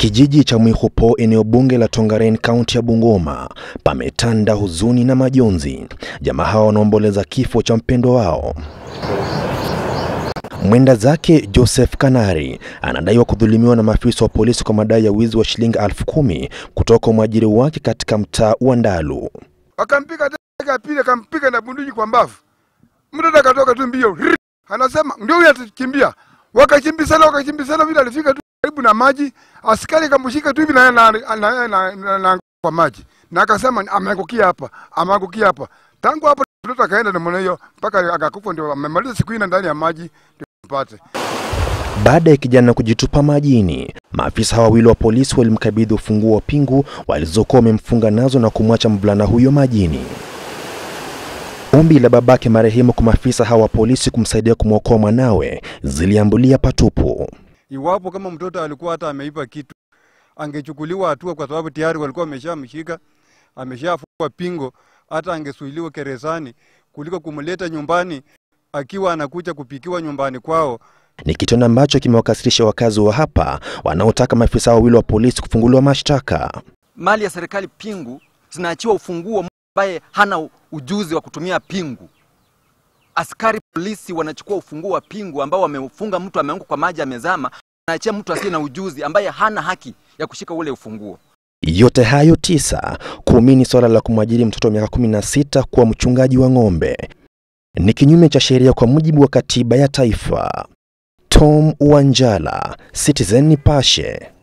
Kijiji cha Mwihupo, eneo bunge la Tongaren, kaunti ya Bungoma, pametanda huzuni na majonzi. Jamaa hao wanaomboleza kifo cha mpendwa wao. Mwenda zake Joseph Kanari anadaiwa kudhulumiwa na maafisa wa polisi kwa madai ya wizi wa shilingi elfu kumi kutoka mwajiri wake katika mtaa wa Ndalu. Akampiga dakika pili, akampiga na bunduki kwa mbavu, mtoto akatoka tu mbio, anasema ndio huyo atakimbia. Wakakimbizana, wakakimbizana, vile alifika tu karibu na maji, askari akamshika tu hivi na, na, na, na, na, na, na kwa maji, na akasema ameangukia hapa, ameangukia hapa. Tangu hapo mtoto akaenda namna hiyo mpaka akakufa, ndio amemaliza siku ina ndani ya maji ndio mpate. Baada ya kijana kujitupa majini, maafisa wawili wa polisi walimkabidhi ufunguo wa pingu walizokuwa wamemfunga nazo na kumwacha mvulana huyo majini. Ombi la babake marehemu kwa maafisa hawa wa polisi kumsaidia kumwokoa mwanawe ziliambulia patupu. Iwapo kama mtoto alikuwa hata ameiba kitu, angechukuliwa hatua, kwa sababu tayari walikuwa wameshamshika, ameshafungwa pingo, hata angesuiliwa gerezani kuliko kumleta nyumbani akiwa anakuja kupikiwa nyumbani kwao. Ni kitendo ambacho kimewakasirisha wakazi wa hapa wanaotaka maafisa wawili wa polisi kufunguliwa mashtaka. Mali ya serikali pingu zinaachiwa ufunguo, ambaye hana ujuzi wa kutumia pingu askari polisi wanachukua ufunguo wa pingu ambao wamefunga mtu ameanguka kwa maji amezama, anaachia mtu asiye na ujuzi ambaye hana haki ya kushika ule ufunguo. Yote hayo tisa kuamini swala la kumwajiri mtoto wa miaka 16 kuwa mchungaji wa ng'ombe ni kinyume cha sheria kwa mujibu wa katiba ya taifa. Tom Wanjala, Citizen Nipashe.